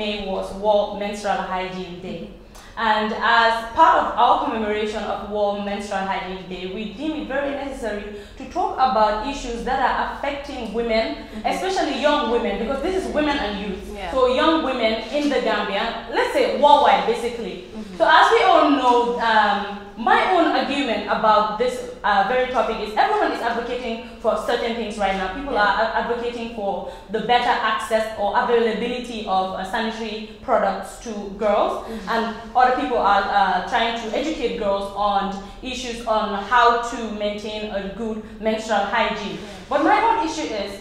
May was World Menstrual Hygiene Day. And as part of our commemoration of World Menstrual Hygiene Day, we deem it very necessary talk about issues that are affecting women, mm-hmm. especially young women, because this is women and youth. Yeah. So young women in the Gambia, let's say worldwide, basically. Mm-hmm. So as we all know, um, my own argument about this uh, very topic is everyone is advocating for certain things right now. People yeah. are advocating for the better access or availability of uh, sanitary products to girls, mm-hmm. and other people are uh, trying to educate girls on issues on how to maintain a good menstrual hygiene. But my own issue is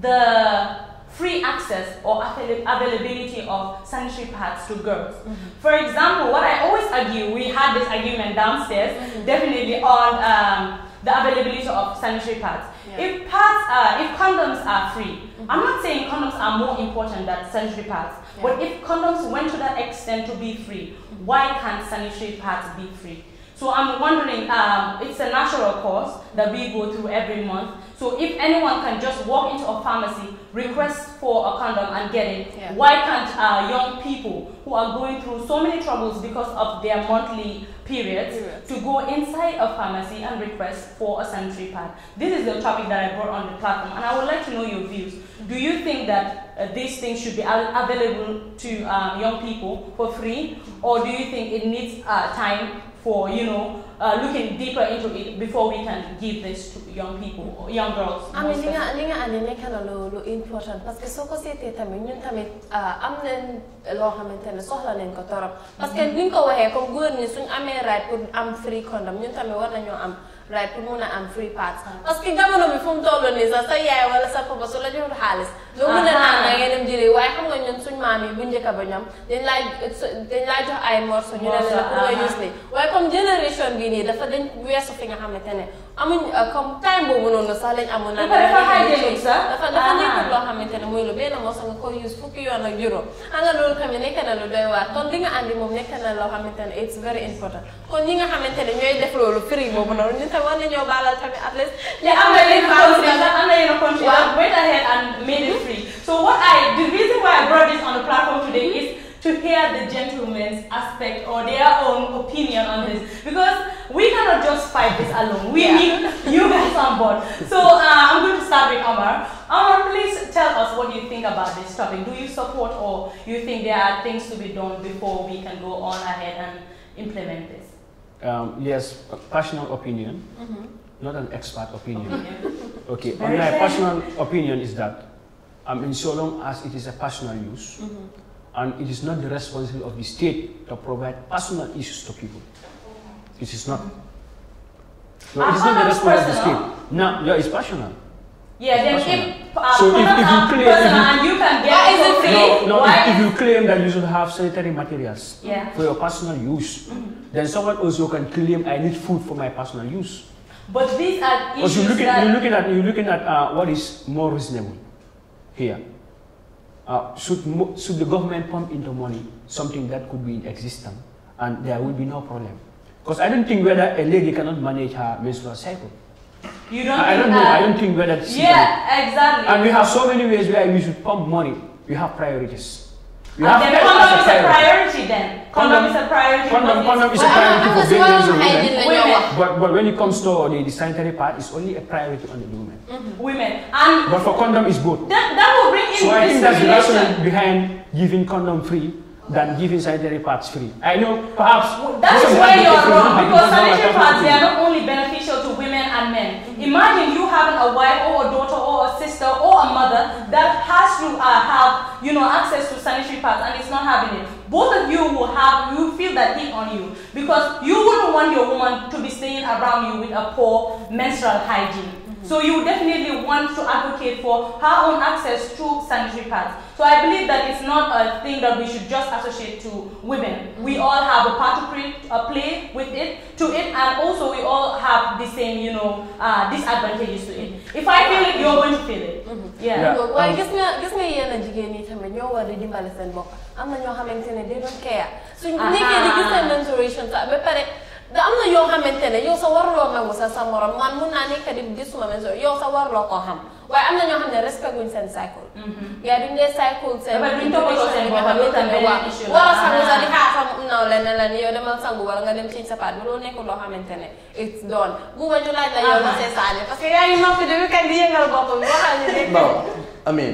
the free access or availability of sanitary pads to girls. Mm -hmm. For example, what I always argue, we had this argument downstairs, mm -hmm. definitely on um, the availability of sanitary pads. Yeah. If pads are, if condoms are free, mm -hmm. I'm not saying condoms are more important than sanitary pads, yeah. but if condoms went to that extent to be free, mm-hmm. why can't sanitary pads be free? So I'm wondering, um, it's a natural course that we go through every month. So if anyone can just walk into a pharmacy, request for a condom and get it, yeah. why can't uh, young people who are going through so many troubles because of their monthly periods Period. to go inside a pharmacy and request for a sanitary pad? This is the topic that I brought on the platform, and I would like to know your views. Do you think that uh, these things should be available to um, young people for free, or do you think it needs uh, time for you know uh, looking deeper into it before we can give this to young people young girls ami li nga li nga andi nekk na important parce que soo me, seetee tamit ñun tamit uh, am nañ loo xamante ne soxla nañ ko torop parce que ni ñu ko waxee ñi suñ amee right pour am free condom ñun tamit war nañoo am right pour mun am free pads parce jamono bi fu mu toll nii sa wala sa la doo mën a naan na ngeen dem waaye xam nga ñun suñ maam yi bu njëkk ba ñoom dañ laa dañ laa jox ay morceau ñu ne la pour nga gis nii waaye comme génération bii nii dafa dañ weesu fi nga xamante ne amuñ euh, comme time boobu noonu sax lañ amoon naan dafa dafa nekkul ne muy lu benn morceau nga koy use fukki yoon xam nga loolu tamit nekk lu doy waar kon li nga andi moom na loo xamante ne it's very important kon ñi nga xamante ne ñooy def loolu free boobu noonu ñun tamit war nañoo baalal tamit at free. So what I, the reason why I brought this on the platform today is to hear the gentleman's aspect or their own opinion on this because we cannot just fight this alone. We yeah. need you guys on board. So uh, I'm going to start with Amar. Amar, please tell us what you think about this topic. Do you support or you think there are things to be done before we can go on ahead and implement this? Um, yes, personal opinion, mm -hmm. not an expert opinion. opinion. okay, my personal opinion is that um, in so long as it is a personal use, mm -hmm. and it is not the responsibility of the state to provide personal issues to people. It is not. No, it is not the responsibility of the state. No, yeah, it's personal. Yeah, then if, uh, so if, if you claim if you, you can get free, no, no, if, if, you claim that you should have sanitary materials yeah. for your personal use, mm -hmm. then someone also can claim I need food for my personal use. But these are issues. Because you're looking, you're looking at you're looking at uh, what is more reasonable here. Uh, should, should the government pump into money something that could be in existence and there will be no problem? Because I don't think whether a lady cannot manage her menstrual cycle. You don't I, I don't that. know. I don't think whether Yeah, exactly. And we have so many ways where we should pump money. We have priorities. You and then condom is a priority then. Condom, condom is a priority. Condom, condom is a priority for billions and women. But, but when it comes to the, the sanitary part, it's only a priority on the women. Mm -hmm. Women. And but for condom, it's good. That, that will bring in So I think that's the rationale behind giving condom free than giving sanitary parts free. I know perhaps... That is where you're wrong because sanitary parts, they are not only beneficial. Imagine you having a wife or a daughter or a sister or a mother that has to uh, have, you know, access to sanitary pads and it's not having it. Both of you will have, you feel that heat on you because you wouldn't want your woman to be staying around you with a poor menstrual hygiene. So you definitely want to advocate for her own access to sanitary pads. So I believe that it's not a thing that we should just associate to women. We mm-hmm. all have a part to play, a play with it, to it, and also we all have the same, you know, uh, disadvantages to it. If I feel it, you're going to feel it. Mm -hmm. Yeah. yeah. Well, um, gis nga gis nga yéen a jigéen ñi tamit ñoo war a dimbale seen am na ñoo xamante they don't care. So, Suñ nekkee They gis seen menstruation sax ba pare. da am na yoo xamante ne yow sa warloo nangu sa sa morom man mun naa nekk di gisuma mais yow sa warloo koo xam waaye am na ñoo xam ne respect guñ seen cycle. Mhm. yaa duñ dee cycle seen. duñ toppatoo seen boppam yow tamit waa war a naw la ne la ni yow demal sangu wala nga dem ci sa paat bi loolu nekkul loo xamante ne it doon bu ma la yow la see saane ah. parce que yaa ngi noppi depuis kañ di yëngal boppam waxal ñu nekk. I mean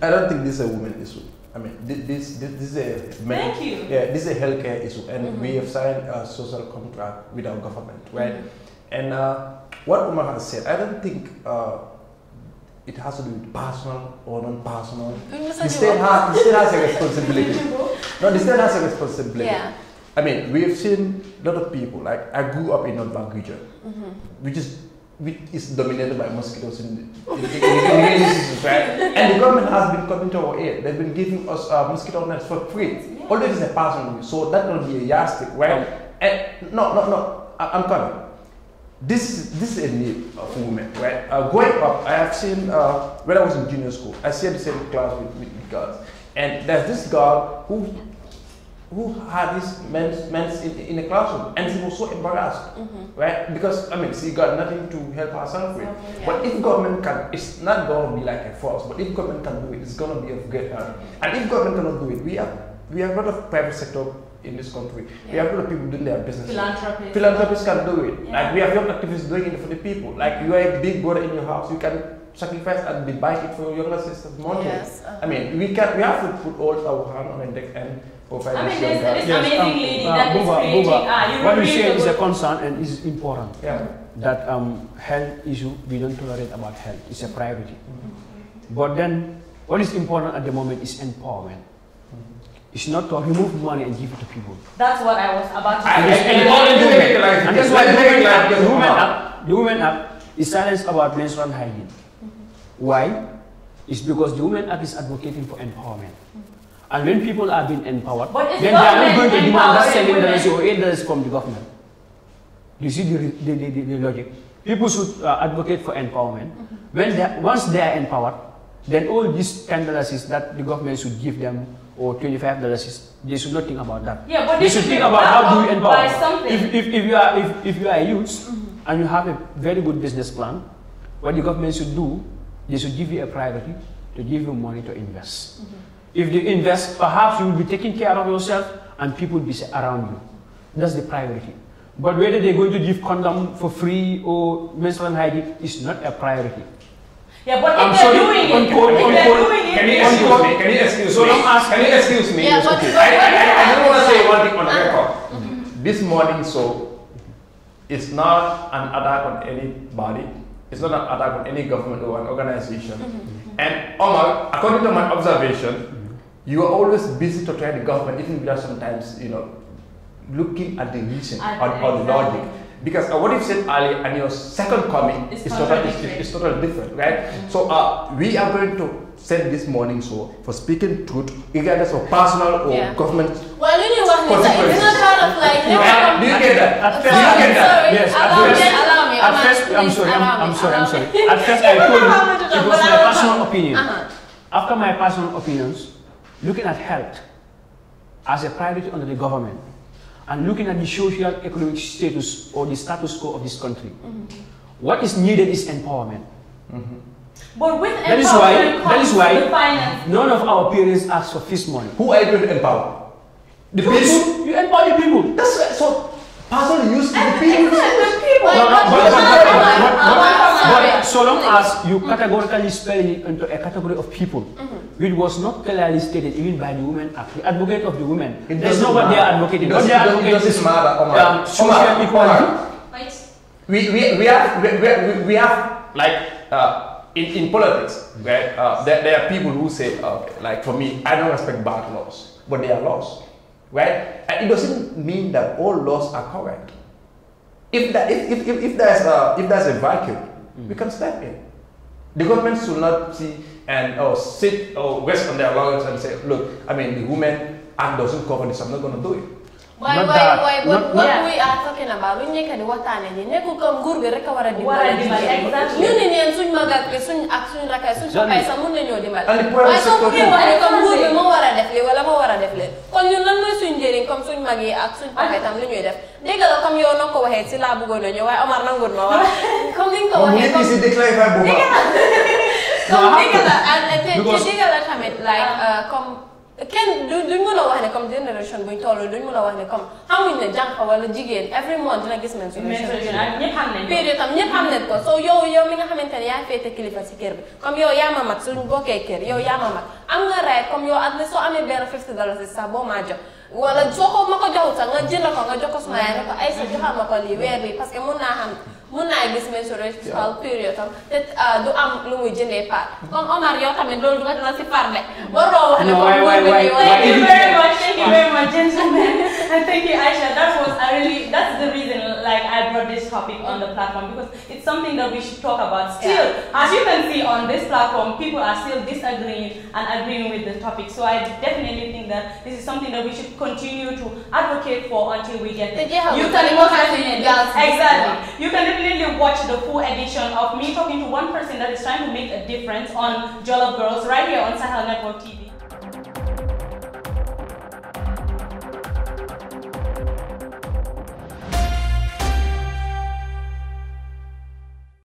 I don't think this a woman issue. I mean, this, this, this is a thank you. Yeah, this is a healthcare issue, and mm -hmm. we have signed a social contract with our government, right? Mm -hmm. And uh, what Omar has said, I don't think uh, it has to do with personal or non-personal. The state, has, the state has a responsibility. no, the state has a responsibility. Yeah. I mean, we have seen a lot of people. Like I grew up in North Vancouver, mm -hmm. which is which is dominated by mosquitoes in the, in the, in the, in the right? And the government has been coming to our aid. They've been giving us uh, mosquito nets for free. Yeah. Although it's a personal use, so that will be a yardstick, right? and no, no, no, I, am coming. This is, this is a need uh, of women, right? Uh, growing up, I have seen, uh, when I was in junior school, I shared the same class with, with girls. And there's this girl who who had this men men in, in a classroom and she was so embarrassed mm-hmm. right because i mean she got nothing to help herself with yeah. but if government can it's not going to be like a force but if government can do it it's going to be of great help mm-hmm. and if government cannot do it we have we have a lot of private sector in this country yeah. we have a lot of people doing their business philanthropists philanthropists can do it yeah. like we have young activists doing it for the people like you are a big brother in your house you can sacrifice and be it for your younger sister's money yes. uh-huh. i mean we can we have to put all our hand on the deck and I mean, there's this yes. amazing um, lady um, uh, that Buba, is Buba. Ah, what we say is a concern and is important. Yeah. That um, health issue, we don't tolerate about health. It's a priority. Mm -hmm. But then, what is important at the moment is empowerment. Mm-hmm. It's not to remove money and give it to people. That's what I was about to say. It's empowering women. Like, and that's why women, like, the women up, the women up is silence about menstrual hygiene. Mm -hmm. Why? It's because the women up is advocating for empowerment. Mm-hmm. And when people are being empowered, then they are not going to demand ten same or or dollars from the government. You see the, the, the, the logic. People should uh, advocate for empowerment. Mm -hmm. When they, once they are empowered, then all these ten dollars that the government should give them or twenty-five dollars, they should not think about that. Yeah, but they, they should think about how do you empower. If, if, if you are if, if you are a youth mm -hmm. and you have a very good business plan, what the government should do, they should give you a priority to give you money to invest. Mm -hmm. If you invest, perhaps you will be taking care of yourself and people will be around you. That's the priority. But whether they're going to give condom for free or menstrual hygiene is not a priority. Yeah, but I'm they're sorry, doing it, call, if they're call, doing it, can you excuse me? Can you excuse me? Can you excuse me? Yeah, but okay. I, I, I, I don't want to say one thing on the uh, record. Mm -hmm. This morning, so it's not an attack on anybody. It's not an attack on any government or an organization. Mm -hmm. And Omar, according to my observation, you are always busy to try the government, even without sometimes, you know, looking at the reason or, or, the logic. Because uh, what you said earlier and your second comment is totally, is, totally different, right? Mm-hmm. So uh, we are going to send this morning so for speaking truth, regardless of personal or yeah. government. Well, really, what is that? It's not kind of like. do you get that? Do you get that? Yes. Allow me, allow me. At first, I'm sorry, I'm, sorry, I'm sorry. At first, I told you it was my personal opinion. Uh-huh. After my personal opinions, looking at health as a priority under the government, and looking at the social economic status or the status quo of this country, mm -hmm. what is needed is empowerment. Mm -hmm. But with that is why that is why none of our parents ask for fist money. Who are you going to empower? The people. You empower the people. That's right. so. Person used to the people. The people. No, no, but, but, but, so long as you categorically spell it into a category of people. Mm -hmm which was not clearly stated even by the women advocate of the women. It That's not what they are advocating. What they are advocating is matter, Omar. Um, Omar, equality. Omar. We, we, we have we, we, we have like uh, in, in politics where right, uh, there, there are people who say uh, like for me I don't respect bad laws but they are laws right and it doesn't mean that all laws are correct if that if, if, if, if there's a if there's a vacuum mm. we can step in the government should not see and or sit or rest on their laurels and say, look, I mean, the women act doesn't cover this. I'm not going to do it. Why, not why, that, why, what, not, what yeah. we are talking about, we need to wata ne ne ne ku kam gurbe reka wara di wara di mal exactly ñu ne ne suñ magal ke suñ ak suñ raka suñ ko ay sa mu ne ñoo di mal ay so ku ke wara kam comme suñ mag yi ak suñ papa itam li ñuy def dégg la comme yow noo ko waxee si laa bëggoon a ñëw waaye Omar nanguwul ma wax comme ni ko waxee si déclaré fa bu baax comme dégg la te dégg la tamit like ah. euh, comme kenn du duñ a wax ne comme génération buñ toll duñ mën a wax ne comme xamuñ ne jànq wala jigéen every month dina gis menstruation ñëpp xam nañ période tam ñëpp xam nañ ko so yow yow mi nga xamante ne yaa féete kilifa si kër bi comme yow yaa ma mag suñ bokkee kër yow yaa ma mag am nga raay comme yow at soo amee benn wala soo ko ma ko joxut sax nga jël ko nga jox ko suma yaay ne ko ay sa joxal ma ko lii weer bi parce que mun naa xam mun naa gis menstrual period tam te ah, du am lu muy jëndee par comme Omar yow tamit loolu du nga si par de waroo wax ne waay waay waay thank you very much thank you very much gentlemen thank you Aisha that was a really that's the reason like I brought this topic on the platform because it's something that we should talk about. Still, yeah. as you can see on this platform, people are still disagreeing and agreeing with the topic. So I definitely think that this is something that we should continue to advocate for until we get it. you can exactly. You can definitely watch the full edition of me talking to one person that is trying to make a difference on Jollof Girls right here on Sahel Network TV.